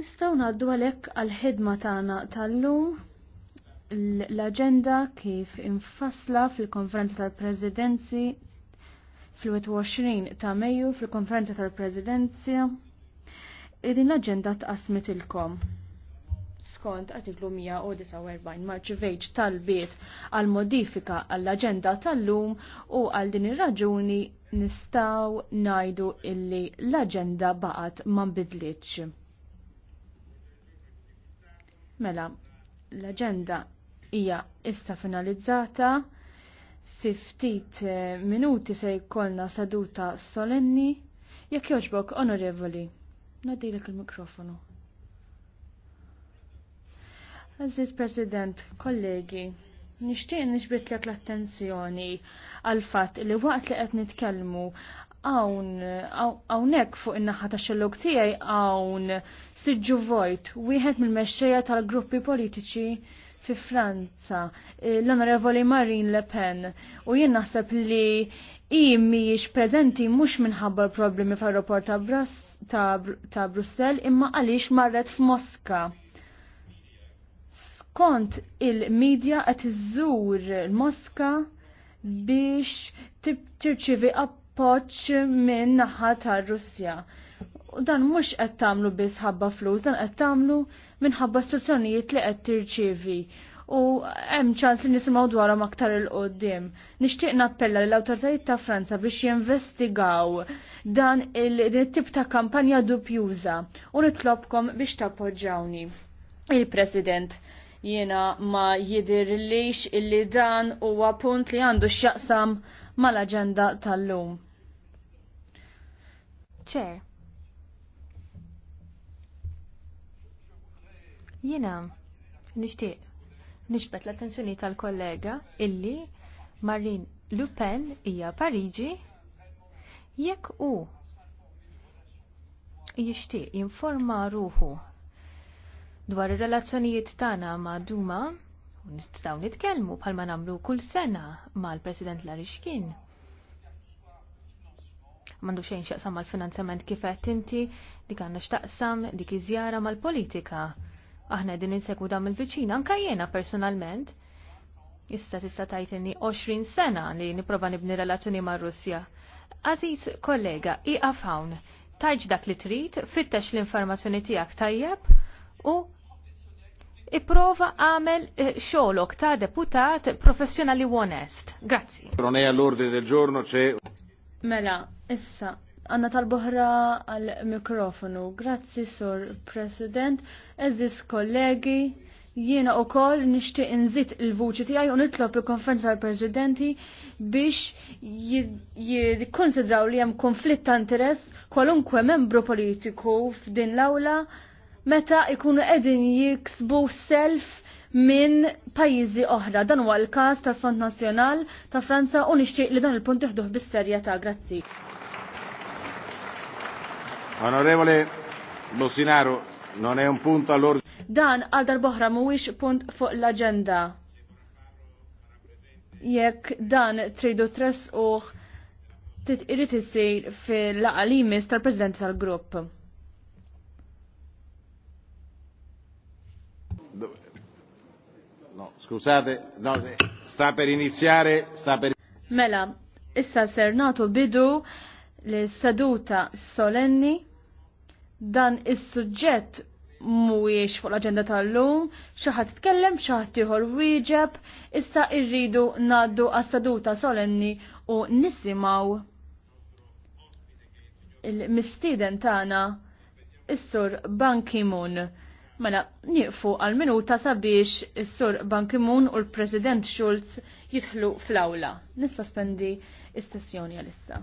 Nistaw naddu għalek għal-ħidma tagħna tal-lum l-agenda kif infassla fil-konferenza tal-Presidenzi fil-21 ta' Mejju fil-konferenza tal-Presidenzi din l-agenda tqasmet ilkom. Skont artiklu 149 marċivejġ tal-biet għal modifika għall-agenda tal-lum u għal din ir-raġuni nistaw najdu illi l-agenda baqat ma nbidlitx. Mela, l-agenda hija issa finalizzata. Fi ftit eh, minuti se jkollna seduta solenni. Jekk joġbok, onorevoli, nadilek il-mikrofonu. Aziz President, kollegi, nixtieq nixbitlek l-attenzjoni għal fatt li waqt li qed nitkellmu għawnek fuq in-naħa ta' xellok tiegħi hawn siġu vojt wieħed mill-mexxejja tal-gruppi politiċi fi Franza, eh, l-Onorevoli Marine Le Pen, u jien naħseb li i miex prezenti mux minħabba problemi fl aeroport ta', Brus ta, ta Brussel imma għaliex marret f'Mosca. Skont il-medja qed iżżur l-Mosca biex tirċivi app poċ minn naħa tar Russja. U dan mhux qed tagħmlu biss ħabba flus, dan qed tagħmlu minħabba istruzzjonijiet li qed tirċievi u hemm ċans li nisimgħu dwarhom aktar il qoddim Nixtieq nappella l awtoritajiet ta' Franza biex jinvestigaw dan il-tip ta' kampanja dubjuża u nitlobkom biex tappoġġawni. Il-President jiena ma lix illi dan huwa punt li għandu x'jaqsam mal-aġenda tal-lum. Chair. Jiena nishtiq, nishbet l-attenzjoni tal-kollega illi Marine Le Pen hija Parigi. jekk hu jixtieq jinforma ruħu dwar ir-relazzjonijiet tagħna ma' Duma u nistgħu nitkellmu bħalma nagħmlu kull sena mal-President Larixkin. M'għandu xejn xaqsam mal-finanzjament kif qed inti dik għandna x'taqsam dik iżjara mal-politika. Aħna din insegwu dam il-viċin anke jiena personalment. Issa tista' tajtini 20 sena li nipprova nibni relazzjoni mar-Russja. Aziz kollega, iqaf hawn, tajġ dak li trid, fittex l-informazzjoni tiegħek tajjeb, Iprova għamel eh, xolok ta' deputat professjonali onest. Grazzi. Pronea l-ordine del giorno c'è. Mela, issa, għanna tal-boħra għal-mikrofonu. Grazzi, Sur President, eżis kollegi, jiena u koll nishti nżit il-vuċi tiegħi u nitlob il-konferenza tal-Presidenti biex jikonsidraw li hemm konflitt ta' interess kwalunkwe membru politiku f'din l-awla meta ikunu qegħdin jiksbu self minn pajjiżi oħra. Dan huwa l-każ tal-Fond Nazzjonal ta' Franza u nixtieq li dan il-punt iħduh bis-serjetà. Grazzi. Onorevole Bossinaro, non è un punto all'ordine. Dan għal darboħra mhuwiex punt fuq l-aġenda. Jekk dan tridu tress uħ titqirid isir fil-laqalimis tal-President tal-Grupp. No, scusate, no, sta per iniziare, sta per... Mela, issa ser natu bidu li seduta solenni dan is-suġġett mhuwiex fuq l-aġenda tal-lum, xi ħadd tkellem, xi ħadd ieħor wieġeb, issa rridu ngħaddu għas-seduta solenni u nisimgħu il mistiden tagħna istur Ban Ki-moon. Mela, nifu għal-minuta sabiex is-sur Bankimun u l-President Schulz jidħlu fl-awla. Nista' spendi is-sessjoni għal-issa.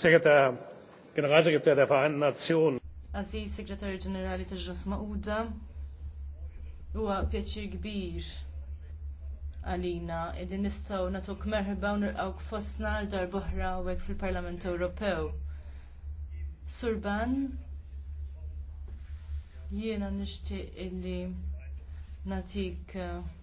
Sehr geehrter Generalsekretär der Vereinten Nationen. Aziz Segretarju Ġenerali ta' Ġus Mauda, huwa pjaċir kbir għalina id nistgħu nagħtuk merħba u nirqgħu fostna għal darbohra hekk fil-Parlament Ewropew. Surban, jiena nixtieq illi natik uh,